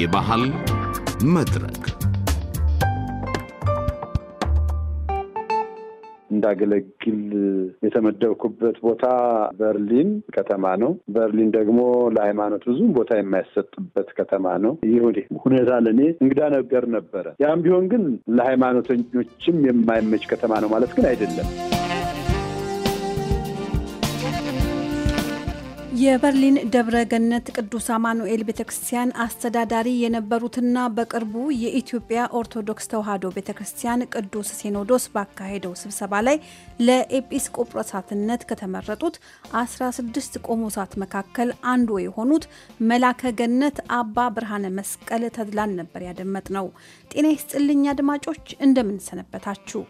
የባህል መድረክ እንዳገለግል የተመደብኩበት ቦታ በርሊን ከተማ ነው። በርሊን ደግሞ ለሃይማኖት ብዙም ቦታ የማይሰጥበት ከተማ ነው። ይህ ሁኔታ ለእኔ እንግዳ ነገር ነበረ። ያም ቢሆን ግን ለሃይማኖተኞችም የማይመች ከተማ ነው ማለት ግን አይደለም። የበርሊን ደብረ ገነት ቅዱስ አማኑኤል ቤተ ክርስቲያን አስተዳዳሪ የነበሩትና በቅርቡ የኢትዮጵያ ኦርቶዶክስ ተዋሕዶ ቤተ ክርስቲያን ቅዱስ ሲኖዶስ ባካሄደው ስብሰባ ላይ ለኤጲስቆጶሳትነት ከተመረጡት 16 ቆሞሳት መካከል አንዱ የሆኑት መላከ ገነት አባ ብርሃነ መስቀል ተድላን ነበር ያደመጥ ነው። ጤና ይስጥልኝ አድማጮች፣ እንደምንሰነበታችሁ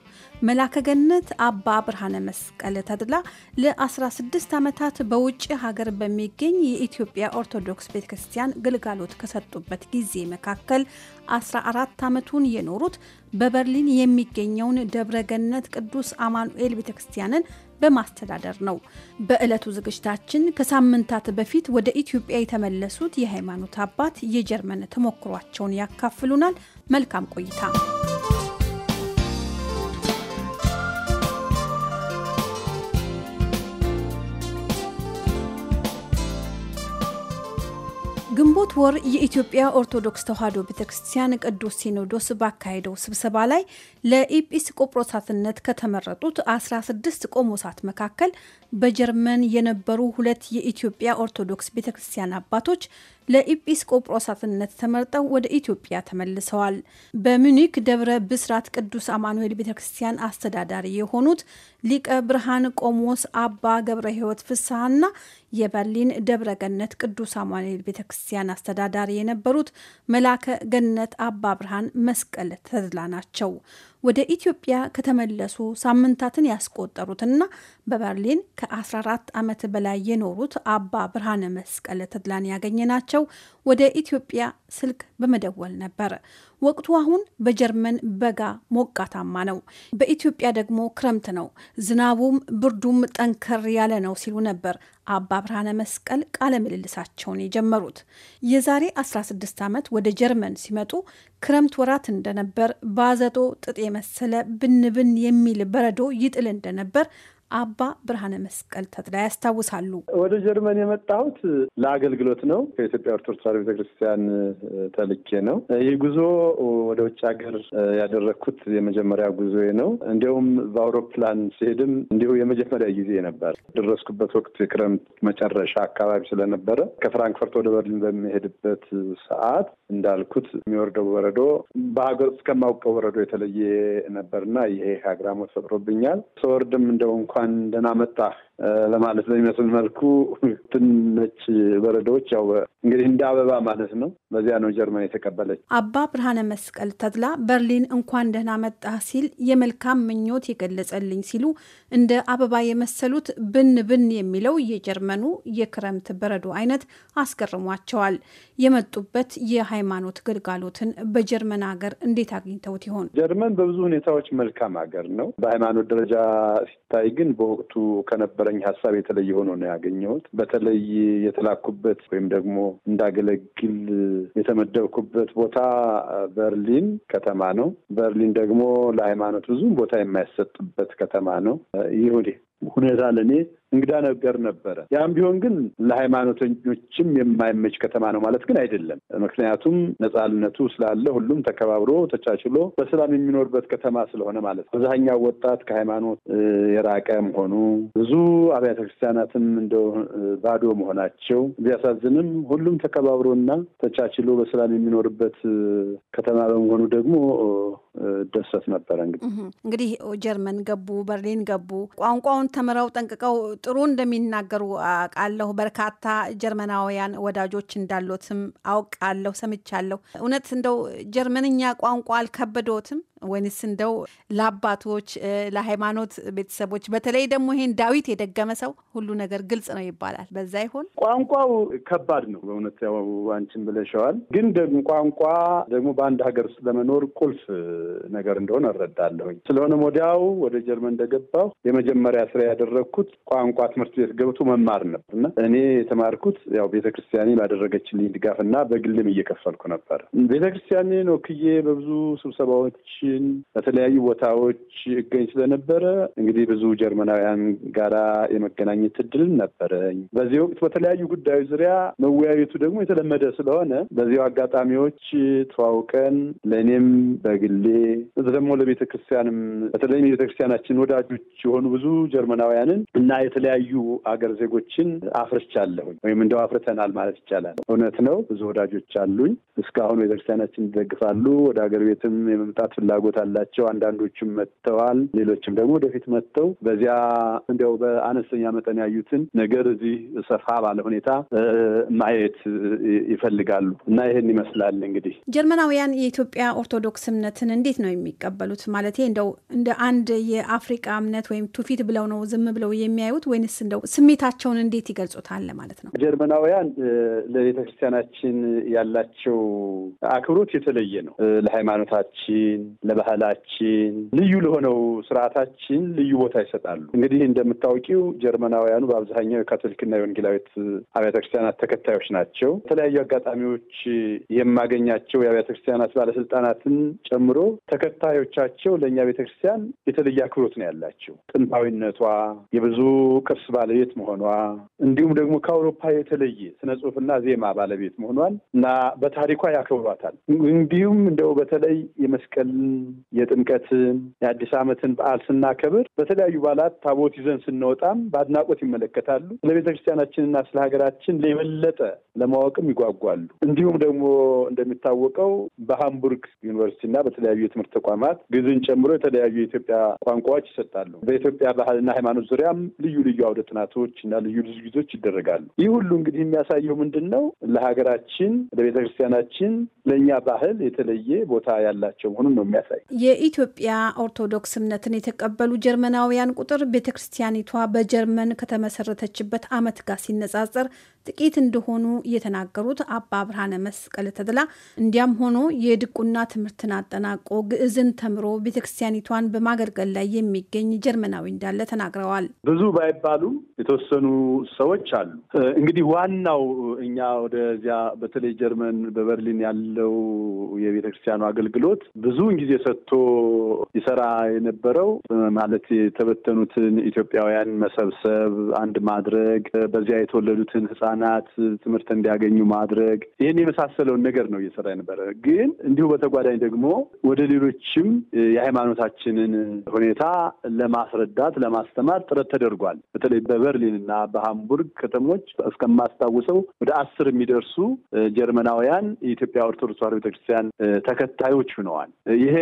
መላከገነት አባ ብርሃነ መስቀል ተድላ ለ16 ዓመታት በውጭ ሀገር በሚገኝ የኢትዮጵያ ኦርቶዶክስ ቤተ ክርስቲያን ግልጋሎት ከሰጡበት ጊዜ መካከል 14 ዓመቱን የኖሩት በበርሊን የሚገኘውን ደብረገነት ቅዱስ አማኑኤል ቤተ ክርስቲያንን በማስተዳደር ነው። በዕለቱ ዝግጅታችን ከሳምንታት በፊት ወደ ኢትዮጵያ የተመለሱት የሃይማኖት አባት የጀርመን ተሞክሯቸውን ያካፍሉናል። መልካም ቆይታ በግንቦት ወር የኢትዮጵያ ኦርቶዶክስ ተዋሕዶ ቤተክርስቲያን ቅዱስ ሲኖዶስ ባካሄደው ስብሰባ ላይ ቆጵሮሳትነት ከተመረጡት 16 ቆሞሳት መካከል በጀርመን የነበሩ ሁለት የኢትዮጵያ ኦርቶዶክስ ቤተክርስቲያን አባቶች ለኢጲስቆጶሳትነት ተመርጠው ወደ ኢትዮጵያ ተመልሰዋል። በሚኒክ ደብረ ብስራት ቅዱስ አማኑኤል ቤተ ክርስቲያን አስተዳዳሪ የሆኑት ሊቀ ብርሃን ቆሞስ አባ ገብረ ሕይወት ፍስሐና የበርሊን ደብረ ገነት ቅዱስ አማኑኤል ቤተ ክርስቲያን አስተዳዳሪ የነበሩት መላከ ገነት አባ ብርሃን መስቀል ተድላ ናቸው። ወደ ኢትዮጵያ ከተመለሱ ሳምንታትን ያስቆጠሩትና በበርሊን ከ14 ዓመት በላይ የኖሩት አባ ብርሃነ መስቀል ተድላን ያገኘናቸው ወደ ኢትዮጵያ ስልክ በመደወል ነበር። ወቅቱ አሁን በጀርመን በጋ ሞቃታማ ነው፣ በኢትዮጵያ ደግሞ ክረምት ነው። ዝናቡም ብርዱም ጠንከር ያለ ነው ሲሉ ነበር አባ ብርሃነ መስቀል ቃለ ምልልሳቸውን የጀመሩት የዛሬ 16 ዓመት ወደ ጀርመን ሲመጡ ክረምት ወራት እንደነበር፣ ባዘጦ ጥጥ የመሰለ ብንብን የሚል በረዶ ይጥል እንደነበር አባ ብርሃነ መስቀል ተጥላ ያስታውሳሉ። ወደ ጀርመን የመጣሁት ለአገልግሎት ነው። ከኢትዮጵያ ኦርቶዶክስ ቤተክርስቲያን ተልኬ ነው። ይህ ጉዞ ወደ ውጭ ሀገር ያደረግኩት የመጀመሪያ ጉዞ ነው። እንዲሁም በአውሮፕላን ሲሄድም እንዲሁ የመጀመሪያ ጊዜ ነበር። ደረስኩበት ወቅት የክረምት መጨረሻ አካባቢ ስለነበረ ከፍራንክፈርት ወደ በርሊን በሚሄድበት ሰዓት እንዳልኩት የሚወርደው ወረዶ በሀገር ውስጥ ከማውቀው ወረዶ የተለየ ነበርና ይሄ አግራሞት ፈጥሮብኛል። ሰወርድም እንደው እንኳን እንኳን ደህና ለማለት በሚመስል መልኩ ትነች በረዶዎች ያው እንግዲህ እንደ አበባ ማለት ነው። በዚያ ነው ጀርመን የተቀበለች። አባ ብርሃነ መስቀል ተድላ በርሊን እንኳን ደህና መጣ ሲል የመልካም ምኞት የገለጸልኝ ሲሉ እንደ አበባ የመሰሉት ብን ብን የሚለው የጀርመኑ የክረምት በረዶ አይነት አስገርሟቸዋል። የመጡበት የሃይማኖት ግልጋሎትን በጀርመን ሀገር እንዴት አግኝተውት ይሆን? ጀርመን በብዙ ሁኔታዎች መልካም ሀገር ነው። በሃይማኖት ደረጃ ሲታይ ግን በወቅቱ ከነበረ ከነበረኝ ሀሳብ የተለየ ሆኖ ነው ያገኘሁት። በተለይ የተላኩበት ወይም ደግሞ እንዳገለግል የተመደብኩበት ቦታ በርሊን ከተማ ነው። በርሊን ደግሞ ለሃይማኖት ብዙም ቦታ የማይሰጥበት ከተማ ነው። ይህ ሁኔታ ለእኔ እንግዳ ነገር ነበረ። ያም ቢሆን ግን ለሃይማኖተኞችም የማይመች ከተማ ነው ማለት ግን አይደለም። ምክንያቱም ነጻነቱ ስላለ ሁሉም ተከባብሮ ተቻችሎ በሰላም የሚኖርበት ከተማ ስለሆነ ማለት ነው። አብዛኛው ወጣት ከሃይማኖት የራቀ መሆኑ ብዙ አብያተ ክርስቲያናትም እንደ ባዶ መሆናቸው ቢያሳዝንም ሁሉም ተከባብሮና ተቻችሎ በሰላም የሚኖርበት ከተማ በመሆኑ ደግሞ ደሰት ነበረ። እንግዲህ እንግዲህ ጀርመን ገቡ፣ በርሊን ገቡ። ቋንቋውን ተምረው ጠንቅቀው ጥሩ እንደሚናገሩ አውቃለሁ። በርካታ ጀርመናውያን ወዳጆች እንዳሎትም አውቃለሁ፣ ሰምቻለሁ። እውነት እንደው ጀርመንኛ ቋንቋ አልከበዶትም? ወይንስ እንደው ለአባቶች፣ ለሃይማኖት ቤተሰቦች በተለይ ደግሞ ይሄን ዳዊት የደገመ ሰው ሁሉ ነገር ግልጽ ነው ይባላል። በዛ ይሆን ቋንቋው ከባድ ነው በእውነት ያው አንቺን ብለሸዋል። ግን ደግሞ ቋንቋ ደግሞ በአንድ ሀገር ውስጥ ለመኖር ቁልፍ ነገር እንደሆነ እረዳለሁኝ። ስለሆነም ወዲያው ወደ ጀርመን እንደገባሁ የመጀመሪያ ስራ ያደረግኩት ቋንቋ ትምህርት ቤት ገብቶ መማር ነበር እና እኔ የተማርኩት ያው ቤተክርስቲያኔ ባደረገችልኝ ድጋፍ እና በግልም እየከፈልኩ ነበር። ቤተክርስቲያኔን ወክዬ በብዙ ስብሰባዎች በተለያዩ ቦታዎች ይገኝ ስለነበረ እንግዲህ ብዙ ጀርመናውያን ጋራ የመገናኘት እድል ነበረኝ። በዚህ ወቅት በተለያዩ ጉዳዮች ዙሪያ መወያየቱ ደግሞ የተለመደ ስለሆነ በዚው አጋጣሚዎች ተዋውቀን ለእኔም በግሌ ደግሞ ለቤተ ክርስቲያንም በተለይም የቤተ ክርስቲያናችን ወዳጆች የሆኑ ብዙ ጀርመናውያንን እና የተለያዩ አገር ዜጎችን አፍርቻለሁኝ ወይም እንደው አፍርተናል ማለት ይቻላል። እውነት ነው። ብዙ ወዳጆች አሉኝ። እስካሁን ቤተክርስቲያናችን ይደግፋሉ። ወደ ሀገር ቤትም የመምጣት ፍላጎ ፍላጎት አላቸው። አንዳንዶቹም መጥተዋል። ሌሎችም ደግሞ ወደፊት መጥተው በዚያ እንዲያው በአነስተኛ መጠን ያዩትን ነገር እዚህ ሰፋ ባለ ሁኔታ ማየት ይፈልጋሉ እና ይህን ይመስላል እንግዲህ ጀርመናውያን የኢትዮጵያ ኦርቶዶክስ እምነትን እንዴት ነው የሚቀበሉት? ማለት እንደው እንደ አንድ የአፍሪቃ እምነት ወይም ቱፊት ብለው ነው ዝም ብለው የሚያዩት ወይንስ እንደው ስሜታቸውን እንዴት ይገልጹታል ማለት ነው። ጀርመናውያን ለቤተክርስቲያናችን ያላቸው አክብሮት የተለየ ነው። ለሃይማኖታችን ለባህላችን፣ ልዩ ለሆነው ስርዓታችን ልዩ ቦታ ይሰጣሉ። እንግዲህ እንደምታወቂው ጀርመናውያኑ በአብዛኛው የካቶሊክና የወንጌላዊት አብያተ ክርስቲያናት ተከታዮች ናቸው። የተለያዩ አጋጣሚዎች የማገኛቸው የአብያተ ክርስቲያናት ባለስልጣናትን ጨምሮ ተከታዮቻቸው ለእኛ ቤተ ክርስቲያን የተለየ አክብሮት ነው ያላቸው። ጥንታዊነቷ፣ የብዙ ቅርስ ባለቤት መሆኗ እንዲሁም ደግሞ ከአውሮፓ የተለየ ስነ ጽሁፍና ዜማ ባለቤት መሆኗን እና በታሪኳ ያከብሯታል። እንዲሁም እንደው በተለይ የመስቀል የጥምቀትን፣ የአዲስ ዓመትን በዓል ስናከብር በተለያዩ በዓላት ታቦት ይዘን ስንወጣም በአድናቆት ይመለከታሉ። ስለ ቤተ ክርስቲያናችንና ስለ ሀገራችን ለየበለጠ ለማወቅም ይጓጓሉ። እንዲሁም ደግሞ እንደሚታወቀው በሃምቡርግ ዩኒቨርሲቲና በተለያዩ የትምህርት ተቋማት ግዕዝን ጨምሮ የተለያዩ የኢትዮጵያ ቋንቋዎች ይሰጣሉ። በኢትዮጵያ ባህልና ሃይማኖት ዙሪያም ልዩ ልዩ አውደ ጥናቶች እና ልዩ ዝግጅቶች ይደረጋሉ። ይህ ሁሉ እንግዲህ የሚያሳየው ምንድን ነው? ለሀገራችን፣ ለቤተ ክርስቲያናችን፣ ለእኛ ባህል የተለየ ቦታ ያላቸው መሆኑን ነው የሚያሳይ። የኢትዮጵያ ኦርቶዶክስ እምነትን የተቀበሉ ጀርመናውያን ቁጥር ቤተ ክርስቲያኒቷ በጀርመን ከተመሰረተችበት ዓመት ጋር ሲነጻጸር ጥቂት እንደሆኑ የተናገሩት አባ ብርሃነ መስቀል ተድላ፣ እንዲያም ሆኖ የድቁና ትምህርትን አጠናቆ ግዕዝን ተምሮ ቤተክርስቲያኒቷን በማገልገል ላይ የሚገኝ ጀርመናዊ እንዳለ ተናግረዋል። ብዙ ባይባሉም የተወሰኑ ሰዎች አሉ። እንግዲህ ዋናው እኛ ወደዚያ በተለይ ጀርመን በበርሊን ያለው የቤተክርስቲያኑ አገልግሎት ብዙውን ጊዜ ሰጥቶ ይሰራ የነበረው ማለት የተበተኑትን ኢትዮጵያውያን መሰብሰብ አንድ ማድረግ በዚያ የተወለዱትን ህጻ ህጻናት ትምህርት እንዲያገኙ ማድረግ ይህን የመሳሰለውን ነገር ነው እየሰራ የነበረ። ግን እንዲሁ በተጓዳኝ ደግሞ ወደ ሌሎችም የሃይማኖታችንን ሁኔታ ለማስረዳት ለማስተማር ጥረት ተደርጓል። በተለይ በበርሊን እና በሃምቡርግ ከተሞች እስከማስታውሰው ወደ አስር የሚደርሱ ጀርመናውያን የኢትዮጵያ ኦርቶዶክስ ተዋህዶ ቤተክርስቲያን ተከታዮች ሆነዋል። ይሄ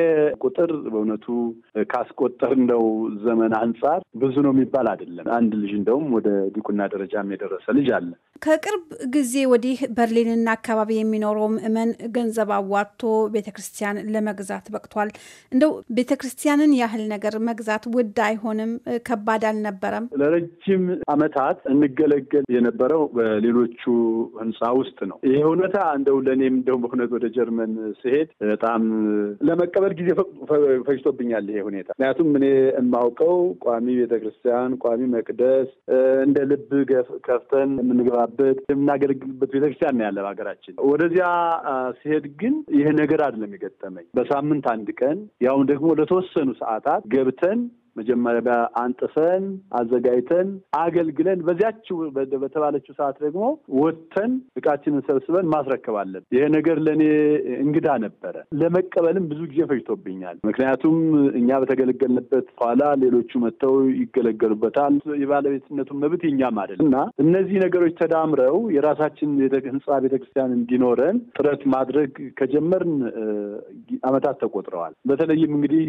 ቁጥር በእውነቱ ካስቆጠርነው ዘመን አንጻር ብዙ ነው የሚባል አይደለም። አንድ ልጅ እንደውም ወደ ዲቁና ደረጃም የደረሰ ልጅ አለ። ከቅርብ ጊዜ ወዲህ በርሊንና አካባቢ የሚኖረው ምዕመን ገንዘብ አዋጥቶ ቤተ ክርስቲያን ለመግዛት በቅቷል። እንደው ቤተ ክርስቲያንን ያህል ነገር መግዛት ውድ አይሆንም? ከባድ አልነበረም? ለረጅም ዓመታት እንገለገል የነበረው በሌሎቹ ህንፃ ውስጥ ነው። ይህ እውነታ እንደው ለእኔም እንደው በእውነት ወደ ጀርመን ስሄድ በጣም ለመቀበል ጊዜ ፈጅቶብኛል ይሄ ሁኔታ። ምክንያቱም እኔ የማውቀው ቋሚ ቤተ ክርስቲያን፣ ቋሚ መቅደስ እንደ ልብ ከፍተን የምንገባ የምንሰራበት የምናገለግልበት ቤተክርስቲያን ነው ያለ በሀገራችን። ወደዚያ ሲሄድ ግን ይሄ ነገር አይደለም የገጠመኝ። በሳምንት አንድ ቀን ያውም ደግሞ ለተወሰኑ ሰዓታት ገብተን መጀመሪያ አንጥፈን አዘጋጅተን አገልግለን በዚያችው በተባለችው ሰዓት ደግሞ ወጥተን እቃችንን ሰብስበን ማስረከባለን። ይሄ ነገር ለእኔ እንግዳ ነበረ። ለመቀበልም ብዙ ጊዜ ፈጅቶብኛል። ምክንያቱም እኛ በተገለገልንበት በኋላ ሌሎቹ መጥተው ይገለገሉበታል። የባለቤትነቱን መብት የኛም አይደለም እና እነዚህ ነገሮች ተዳምረው የራሳችን ህንጻ ቤተክርስቲያን እንዲኖረን ጥረት ማድረግ ከጀመርን ዓመታት ተቆጥረዋል። በተለይም እንግዲህ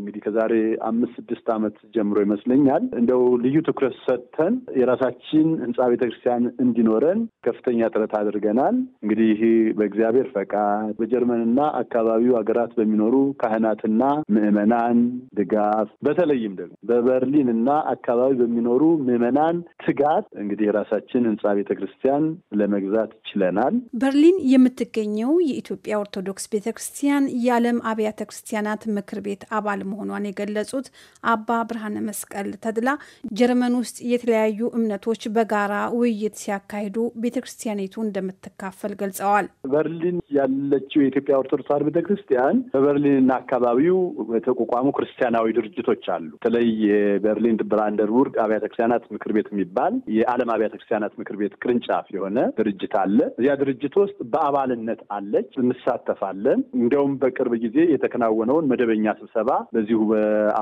እንግዲህ ከዛሬ አምስት ስድስት ዓመት ጀምሮ ይመስለኛል እንደው ልዩ ትኩረት ሰጥተን የራሳችን ህንፃ ቤተክርስቲያን እንዲኖረን ከፍተኛ ጥረት አድርገናል። እንግዲህ በእግዚአብሔር ፈቃድ በጀርመንና አካባቢው ሀገራት በሚኖሩ ካህናትና ምዕመናን ድጋፍ በተለይም ደግሞ በበርሊንና አካባቢ በሚኖሩ ምዕመናን ትጋት እንግዲህ የራሳችን ህንፃ ቤተክርስቲያን ለመግዛት ችለናል። በርሊን የምትገኘው የኢትዮጵያ ኦርቶዶክስ ቤተክርስቲያን የዓለም አብያተ ክርስቲያናት ምክር ቤት አባል መሆኗን የገለጹት አባ ብርሃነ መስቀል ተድላ ጀርመን ውስጥ የተለያዩ እምነቶች በጋራ ውይይት ሲያካሂዱ ቤተ ክርስቲያኒቱ እንደምትካፈል ገልጸዋል። በርሊን ያለችው የኢትዮጵያ ኦርቶዶክስ ተዋሕዶ ቤተ ክርስቲያን በበርሊንና አካባቢው የተቋቋሙ ክርስቲያናዊ ድርጅቶች አሉ። በተለይ የበርሊን ብራንደንቡርግ አብያተ ክርስቲያናት ምክር ቤት የሚባል የዓለም አብያተ ክርስቲያናት ምክር ቤት ቅርንጫፍ የሆነ ድርጅት አለ። እዚያ ድርጅት ውስጥ በአባልነት አለች፣ እንሳተፋለን። እንዲያውም በቅርብ ጊዜ የተከናወነውን መደበኛ ስብሰባ በዚሁ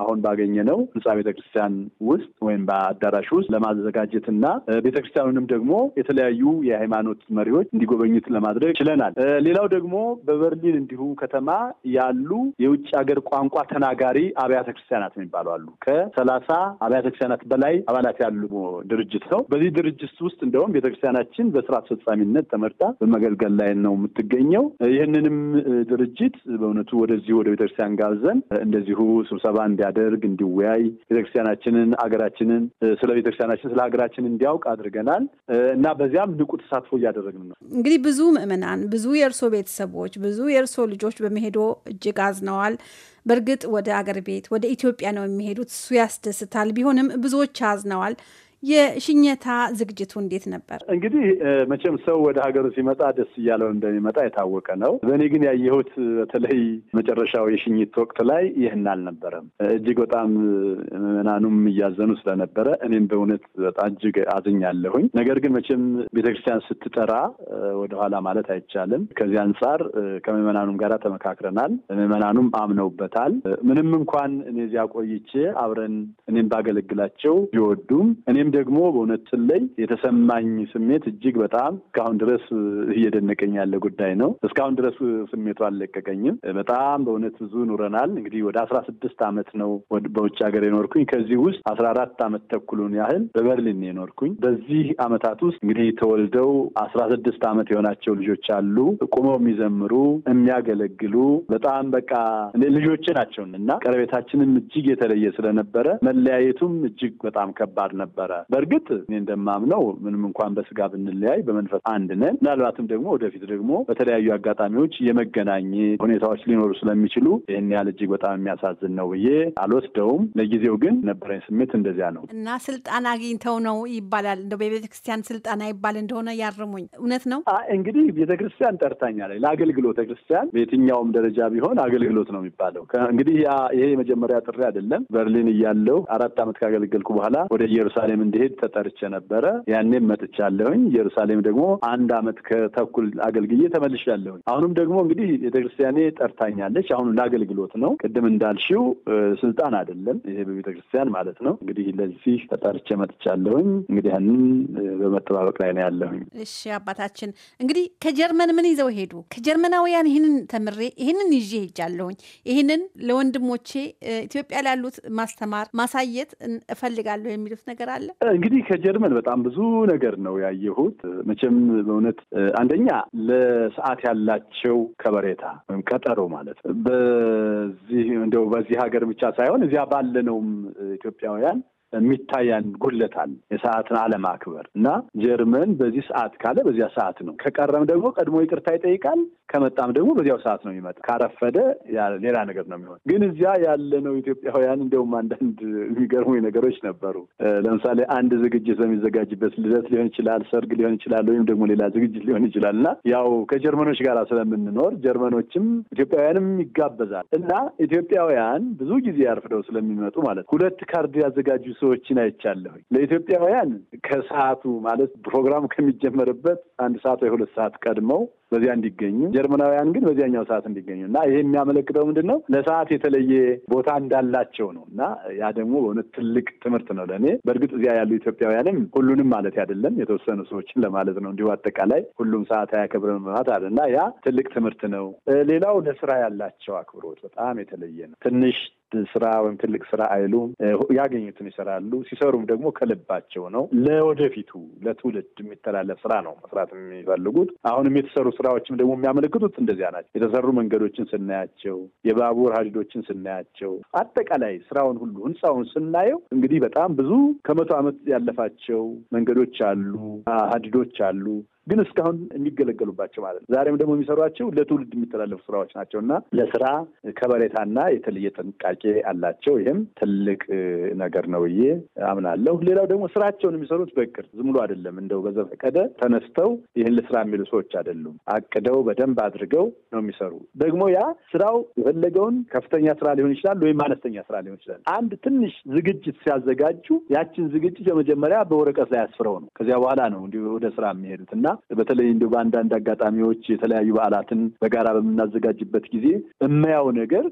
አሁን ባገኘ ነው ህንፃ ቤተክርስቲያን ውስጥ ወይም በአዳራሽ ውስጥ ለማዘጋጀትና ቤተክርስቲያኑንም ደግሞ የተለያዩ የሃይማኖት መሪዎች እንዲጎበኙት ለማድረግ ችለናል። ሌላው ደግሞ በበርሊን እንዲሁ ከተማ ያሉ የውጭ ሀገር ቋንቋ ተናጋሪ አብያተ ክርስቲያናት የሚባሉ አሉ። ከሰላሳ አብያተ ክርስቲያናት በላይ አባላት ያሉ ድርጅት ነው። በዚህ ድርጅት ውስጥ እንደውም ቤተክርስቲያናችን በስራ አስፈጻሚነት ተመርጣ በመገልገል ላይ ነው የምትገኘው። ይህንንም ድርጅት በእውነቱ ወደዚሁ ወደ ቤተክርስቲያን ጋብዘን እንደዚሁ ስብሰባ እንዲያደርግ እንዲ እንዲወያይ ቤተክርስቲያናችንን፣ አገራችንን ስለ ቤተክርስቲያናችን ስለ ሀገራችን እንዲያውቅ አድርገናል እና በዚያም ንቁ ተሳትፎ እያደረግን ነው። እንግዲህ ብዙ ምዕመናን፣ ብዙ የእርሶ ቤተሰቦች፣ ብዙ የእርሶ ልጆች በመሄዶ እጅግ አዝነዋል። በእርግጥ ወደ አገር ቤት ወደ ኢትዮጵያ ነው የሚሄዱት። እሱ ያስደስታል። ቢሆንም ብዙዎች አዝነዋል። የሽኘታ ዝግጅቱ እንዴት ነበር? እንግዲህ መቼም ሰው ወደ ሀገሩ ሲመጣ ደስ እያለው እንደሚመጣ የታወቀ ነው። በእኔ ግን ያየሁት በተለይ መጨረሻው የሽኝት ወቅት ላይ ይህን አልነበረም። እጅግ በጣም ምዕመናኑም እያዘኑ ስለነበረ እኔም በእውነት በጣም እጅግ አዝኛለሁኝ። ነገር ግን መቼም ቤተክርስቲያን ስትጠራ ወደኋላ ማለት አይቻልም። ከዚህ አንጻር ከምዕመናኑም ጋር ተመካክረናል። ምዕመናኑም አምነውበታል። ምንም እንኳን እኔ እዚያ ቆይቼ አብረን እኔም ባገለግላቸው ቢወዱም እኔም ግን ደግሞ በእውነት ላይ የተሰማኝ ስሜት እጅግ በጣም እስካሁን ድረስ እየደነቀኝ ያለ ጉዳይ ነው። እስካሁን ድረስ ስሜቱ አልለቀቀኝም። በጣም በእውነት ብዙ ኑረናል። እንግዲህ ወደ አስራ ስድስት ዓመት ነው በውጭ ሀገር የኖርኩኝ። ከዚህ ውስጥ አስራ አራት አመት ተኩሉን ያህል በበርሊን የኖርኩኝ። በዚህ አመታት ውስጥ እንግዲህ ተወልደው አስራ ስድስት ዓመት የሆናቸው ልጆች አሉ። ቁመው የሚዘምሩ የሚያገለግሉ በጣም በቃ ልጆች ናቸውን እና ቀረቤታችንም እጅግ የተለየ ስለነበረ መለያየቱም እጅግ በጣም ከባድ ነበረ። በእርግጥ እኔ እንደማምነው ምንም እንኳን በስጋ ብንለያይ በመንፈስ አንድ ነን። ምናልባትም ደግሞ ወደፊት ደግሞ በተለያዩ አጋጣሚዎች የመገናኝ ሁኔታዎች ሊኖሩ ስለሚችሉ ይህን ያህል እጅግ በጣም የሚያሳዝን ነው ብዬ አልወስደውም። ለጊዜው ግን ነበረኝ ስሜት እንደዚያ ነው እና ስልጣን አግኝተው ነው ይባላል እንደ ክርስቲያን ስልጣን አይባል እንደሆነ ያርሙኝ። እውነት ነው እንግዲህ ቤተክርስቲያን ጠርታኛለች ለአገልግሎት ክርስቲያን በየትኛውም ደረጃ ቢሆን አገልግሎት ነው የሚባለው። እንግዲህ ይሄ የመጀመሪያ ጥሪ አይደለም። በርሊን እያለሁ አራት ዓመት ካገለገልኩ በኋላ ወደ ኢየሩሳሌም እንዲሄድ ተጠርቼ ነበረ። ያኔም መጥቻለሁኝ። ኢየሩሳሌም ደግሞ አንድ አመት ከተኩል አገልግዬ ተመልሻለሁኝ። አሁንም ደግሞ እንግዲህ ቤተክርስቲያኔ ጠርታኛለች። አሁን ለአገልግሎት ነው። ቅድም እንዳልሽው ስልጣን አይደለም ይሄ በቤተክርስቲያን ማለት ነው። እንግዲህ ለዚህ ተጠርቼ መጥቻለሁኝ። እንግዲህ ያንን በመጠባበቅ ላይ ነው ያለሁኝ። እሺ አባታችን እንግዲህ ከጀርመን ምን ይዘው ሄዱ? ከጀርመናውያን ይህንን ተምሬ ይህንን ይዤ ሄጃለሁኝ። ይህንን ለወንድሞቼ ኢትዮጵያ ላሉት ማስተማር ማሳየት እፈልጋለሁ የሚሉት ነገር አለ? እንግዲህ ከጀርመን በጣም ብዙ ነገር ነው ያየሁት። መቼም በእውነት አንደኛ ለሰዓት ያላቸው ከበሬታ ወይም ቀጠሮ ማለት በዚህ እንደው በዚህ ሀገር ብቻ ሳይሆን እዚያ ባለነውም ኢትዮጵያውያን የሚታያን ጉለት አለ። የሰዓትን አለማክበር እና ጀርመን በዚህ ሰዓት ካለ በዚያ ሰዓት ነው። ከቀረም ደግሞ ቀድሞ ይቅርታ ይጠይቃል። ከመጣም ደግሞ በዚያው ሰዓት ነው የሚመጣ። ካረፈደ ሌላ ነገር ነው የሚሆን። ግን እዚያ ያለነው ኢትዮጵያውያን እንዲያውም አንዳንድ የሚገርሙ ነገሮች ነበሩ። ለምሳሌ አንድ ዝግጅት በሚዘጋጅበት ልደት ሊሆን ይችላል፣ ሰርግ ሊሆን ይችላል፣ ወይም ደግሞ ሌላ ዝግጅት ሊሆን ይችላል እና ያው ከጀርመኖች ጋር ስለምንኖር ጀርመኖችም ኢትዮጵያውያንም ይጋበዛል እና ኢትዮጵያውያን ብዙ ጊዜ ያርፍደው ስለሚመጡ ማለት ሁለት ካርድ ያዘጋጁ ሰዎችን አይቻለሁኝ። ለኢትዮጵያውያን ከሰዓቱ ማለት ፕሮግራሙ ከሚጀመርበት አንድ ሰዓት ወይ ሁለት ሰዓት ቀድመው በዚያ እንዲገኙ፣ ጀርመናውያን ግን በዚያኛው ሰዓት እንዲገኙ እና ይሄ የሚያመለክተው ምንድን ነው? ለሰዓት የተለየ ቦታ እንዳላቸው ነው። እና ያ ደግሞ በእውነት ትልቅ ትምህርት ነው ለእኔ። በእርግጥ እዚያ ያሉ ኢትዮጵያውያንም ሁሉንም ማለት አይደለም፣ የተወሰኑ ሰዎችን ለማለት ነው። እንዲሁ አጠቃላይ ሁሉም ሰዓት አያከብርም ማለት አለ እና ያ ትልቅ ትምህርት ነው። ሌላው ለስራ ያላቸው አክብሮት በጣም የተለየ ነው። ትንሽ ስራ ወይም ትልቅ ስራ አይሉም። ያገኙትን ይሰራሉ። ሲሰሩም ደግሞ ከልባቸው ነው። ለወደፊቱ ለትውልድ የሚተላለፍ ስራ ነው መስራት የሚፈልጉት። አሁንም የተሰሩ ስራዎችም ደግሞ የሚያመለክቱት እንደዚያ ናቸው። የተሰሩ መንገዶችን ስናያቸው፣ የባቡር ሀዲዶችን ስናያቸው፣ አጠቃላይ ስራውን ሁሉ ህንፃውን ስናየው እንግዲህ በጣም ብዙ ከመቶ ዓመት ያለፋቸው መንገዶች አሉ፣ ሀዲዶች አሉ። ግን እስካሁን የሚገለገሉባቸው ማለት ነው። ዛሬም ደግሞ የሚሰሯቸው ለትውልድ የሚተላለፉ ስራዎች ናቸው እና ለስራ ከበሬታና የተለየ ጥንቃቄ አላቸው። ይህም ትልቅ ነገር ነው ብዬ አምናለሁ። ሌላው ደግሞ ስራቸውን የሚሰሩት በእቅድ ዝም ብሎ አይደለም። እንደው በዘፈቀደ ተነስተው ይህን ልስራ የሚሉ ሰዎች አይደሉም። አቅደው በደንብ አድርገው ነው የሚሰሩ። ደግሞ ያ ስራው የፈለገውን ከፍተኛ ስራ ሊሆን ይችላል ወይም አነስተኛ ስራ ሊሆን ይችላል። አንድ ትንሽ ዝግጅት ሲያዘጋጁ ያችን ዝግጅት በመጀመሪያ በወረቀት ላይ አስፍረው ነው። ከዚያ በኋላ ነው እንዲሁ ወደ ስራ የሚሄዱት እና በተለይ እንዲሁ በአንዳንድ አጋጣሚዎች የተለያዩ በዓላትን በጋራ በምናዘጋጅበት ጊዜ የማያው ነገር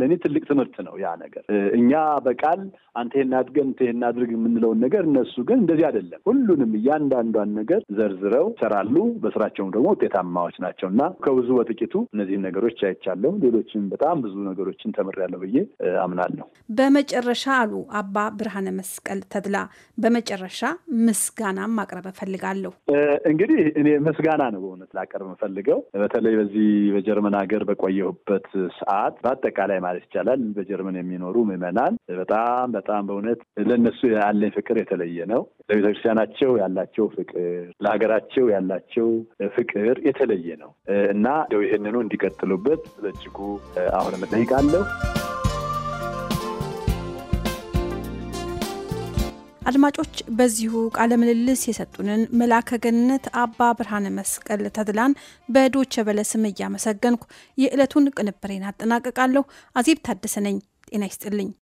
ለእኔ ትልቅ ትምህርት ነው። ያ ነገር እኛ በቃል አንተ ይሄን አድርገን አንተ ይሄን አድርግ የምንለውን ነገር እነሱ ግን እንደዚህ አይደለም። ሁሉንም እያንዳንዷን ነገር ዘርዝረው ይሰራሉ። በስራቸውም ደግሞ ውጤታማዎች ናቸው እና ከብዙ በጥቂቱ እነዚህም ነገሮች አይቻለሁ። ሌሎችም በጣም ብዙ ነገሮችን ተምሬያለሁ ብዬ አምናለሁ። በመጨረሻ አሉ አባ ብርሃነ መስቀል ተድላ በመጨረሻ ምስጋናም ማቅረብ እፈልጋለሁ። እንግዲህ እኔ ምስጋና ነው በእውነት ላቀርብ የምፈልገው በተለይ በዚህ በጀርመን ሀገር በቆየሁበት ሰዓት በአጠቃላይ ማለት ይቻላል በጀርመን የሚኖሩ ምዕመናን በጣም በጣም በእውነት ለእነሱ ያለኝ ፍቅር የተለየ ነው። ለቤተክርስቲያናቸው ያላቸው ፍቅር፣ ለሀገራቸው ያላቸው ፍቅር የተለየ ነው እና ይህንኑ እንዲቀጥሉበት በእጅጉ አሁንም እጠይቃለሁ። አድማጮች በዚሁ ቃለ ምልልስ የሰጡንን መላከ ገነት አባ ብርሃነ መስቀል ተድላን በዶቸ በለ ስም እያመሰገንኩ የዕለቱን ቅንብሬን አጠናቀቃለሁ። አዜብ ታደሰ ነኝ። ጤና ይስጥልኝ።